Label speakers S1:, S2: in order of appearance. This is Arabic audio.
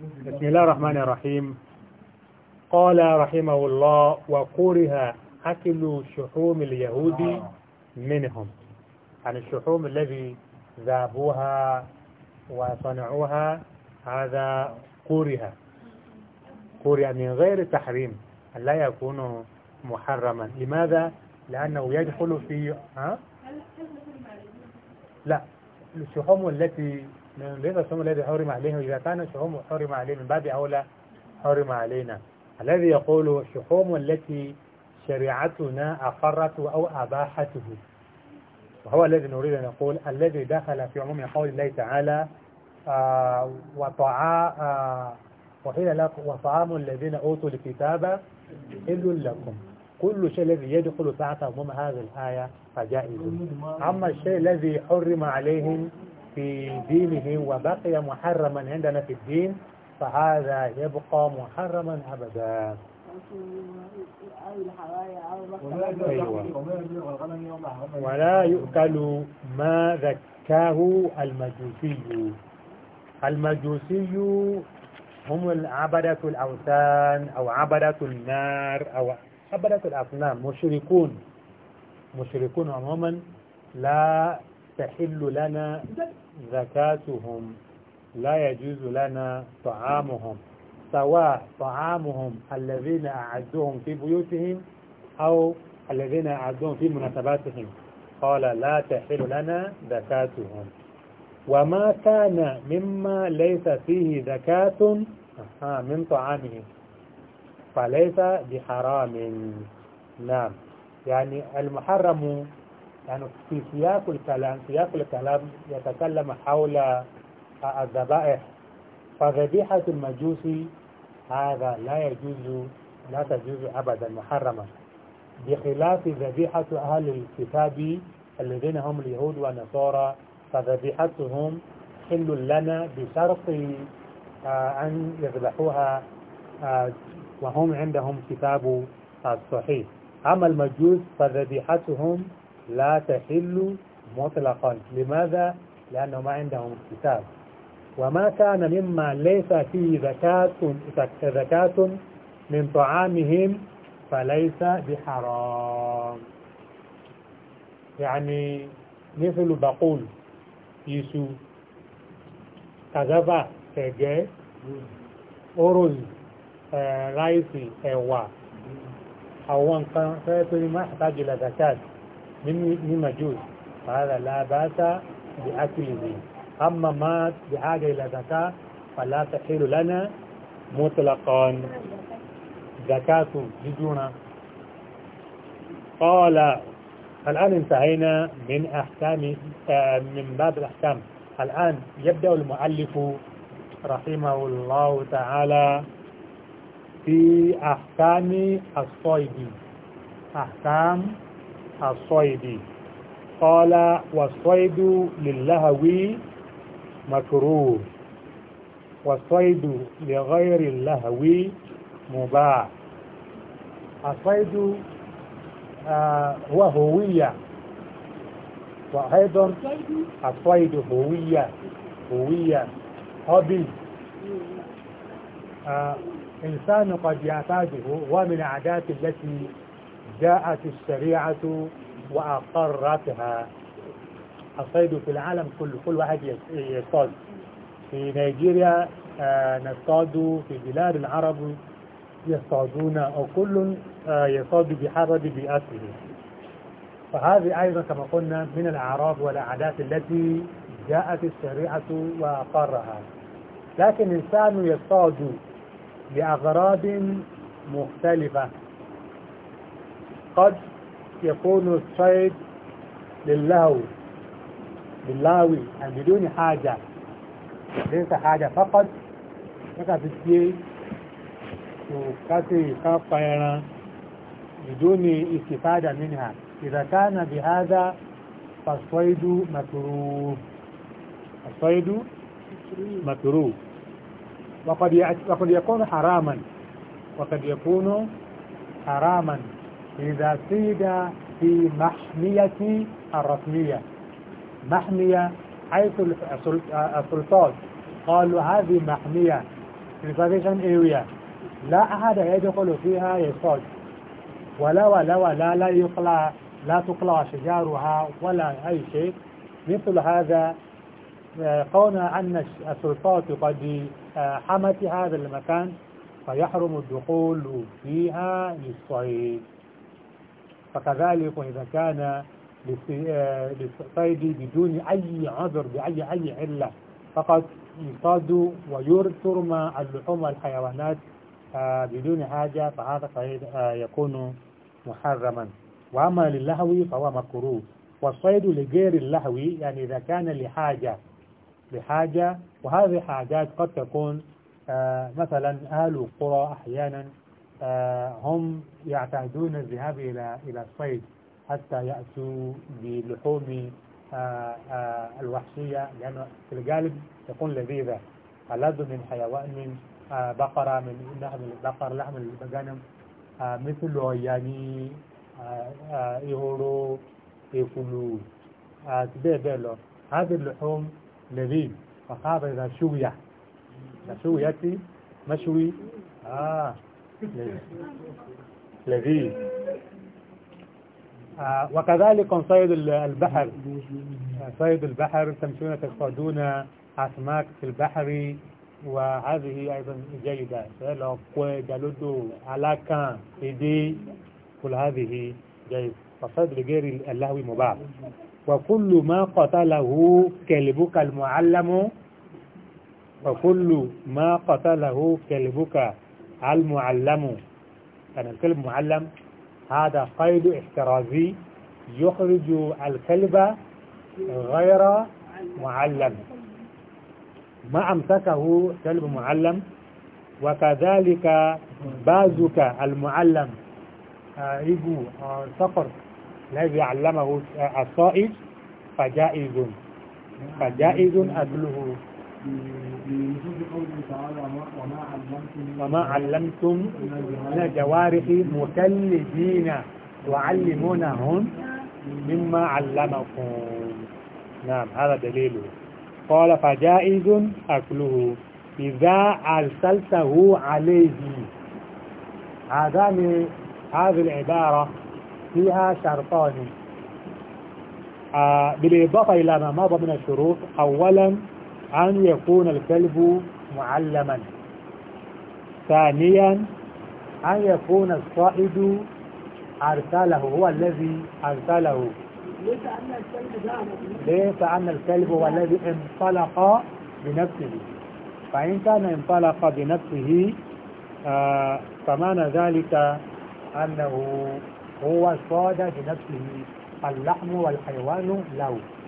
S1: بسم الله الرحمن الرحيم قال رحمه الله وكره أكل شحوم اليهود منهم عن يعني الشحوم الذي ذابوها وصنعوها هذا كره كره من غير تحريم لا يكون محرما لماذا؟ لأنه يدخل في ها؟ لا الشحوم التي ليس الصوم الذي حرم عليهم إذا كان الشحوم حرم عليه من باب أولى حرم علينا الذي يقول الشحوم التي شريعتنا أقرت أو أباحته وهو الذي نريد أن نقول الذي دخل في عموم قول الله تعالى آه وطعاء آه وقيل لكم وطعام الذين أوتوا الكتاب حل لكم كل شيء الذي يدخل تحت عموم هذه الآية فجائز أما الشيء الذي حرم عليهم في دينه وبقي محرما عندنا في الدين فهذا يبقى محرما أبدا أيوة. ولا يؤكل ما ذكاه المجوسي المجوسي هم عبدة الأوثان أو عبدة النار أو عبدة الأصنام مشركون مشركون عموما لا تحل لنا زكاتهم لا يجوز لنا طعامهم سواء طعامهم الذين أعدوهم في بيوتهم أو الذين أعدوهم في مناسباتهم قال لا تحل لنا زكاتهم وما كان مما ليس فيه زكاة من طعامه فليس بحرام نعم يعني المحرم يعني في سياق الكلام سياق الكلام يتكلم حول الذبائح فذبيحة المجوس هذا لا يجوز لا تجوز أبدا محرمة بخلاف ذبيحة أهل الكتاب الذين هم اليهود والنصارى فذبيحتهم حل لنا بشرط آه، أن يذبحوها آه، وهم عندهم كتاب الصحيح آه، أما المجوس فذبيحتهم لا تحل مطلقا لماذا؟ لأنه ما عندهم كتاب وما كان مما ليس فيه زكاة زكاة من طعامهم فليس بحرام يعني مثل بقول يسو كذبا تجي أرز آه، رايسي أوا أو أن كان فاتني ما احتاج إلى زكاة من مجوز فهذا لا باس بأكله أما مات بحاجة إلى زكاة فلا تحل لنا مطلقا زكاة بدون قال الآن انتهينا من أحكام آه، من باب الأحكام الآن يبدأ المؤلف رحمه الله تعالى في أحكام الصيد أحكام الصيد قال والصيد للهو مكروه والصيد لغير اللهو مباح الصيد آه، هو هوية وأيضا الصيد هوية هوية هوبي آه، إنسان قد يعتاده ومن عادات التي جاءت الشريعة وأقرتها الصيد في العالم كل كل واحد يصطاد في نيجيريا آه، نصطاد في بلاد العرب يصطادون وكل كل آه، يصطاد بحرد بأسره فهذه أيضا كما قلنا من الأعراض والعادات التي جاءت الشريعة وأقرها لكن الإنسان يصطاد لأغراض مختلفة قد يكون الصيد للهو باللاوي يعني بدون حاجة ليس حاجة فقط فقط في وكاتي كافيرا يعني بدون استفادة منها إذا كان بهذا فالصيد مكروه الصيد مكروه وقد يكون حراما وقد يكون حراما إذا سيد في محمية الرسمية محمية حيث السلطات قالوا هذه محمية reservation area لا أحد يدخل فيها يصطاد ولا ولا ولا لا يقلع لا تقلع شجارها ولا أي شيء مثل هذا كون آه، أن السلطات قد آه، حمت هذا المكان فيحرم الدخول فيها للصيد فكذلك إذا كان آه، للصيد بدون أي عذر بأي أي علة فقط يصاد ويرثر مع اللحوم والحيوانات آه، بدون حاجة فهذا صيد آه، يكون محرما وأما للهو فهو مكروه والصيد لغير اللهو يعني إذا كان لحاجة لحاجة وهذه حاجات قد تكون مثلا أهل القرى أحيانا آه، هم يعتادون الذهاب إلى إلى الصيد حتى يأتوا بلحوم آه، آه، الوحشية لأن في الغالب تكون لذيذة ألذ من حيوان من بقرة من لحم البقر لحم الغنم مثل يعني إهورو إفلو تبيبلو هذه اللحوم لذيذ فخاف إذا شوية شوية مشوي آه لذيذ آه وكذلك صيد البحر آه، صيد البحر تمشون تصطادون أسماك في البحر وهذه أيضا جيدة لو جلد علاكا إيدي كل هذه جيد فصيد الجير اللهوي مباح وكل ما قتله كلبك المعلم وكل ما قتله كلبك المعلم يعني الكلب معلم هذا قيد احترازي يخرج الكلب غير معلم ما أمسكه كلب معلم وكذلك بازك المعلم آه، إبو آه، صقر الذي علمه الصائد فجائز فجائز أكله بوجود قوله تعالى وما علمتم وما علمتم من جوارح مكلفين تعلمونهم مما علمكم نعم هذا دليله قال فجائز أكله إذا أرسلته عليه هذان هذه العبارة فيها شرطان آه بالإضافة إلى ما مضى من الشروط أولا أن يكون الكلب معلما ثانيا أن يكون الصائد أرسله هو الذي أرسله ليس أن الكلب هو الذي انطلق بنفسه فإن كان انطلق بنفسه آه، فمعنى ذلك أنه هو صاد بنفسه اللحم والحيوان له